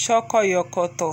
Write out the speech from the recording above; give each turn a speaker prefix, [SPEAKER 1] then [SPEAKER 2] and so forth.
[SPEAKER 1] ṣọkọ yọkọtọ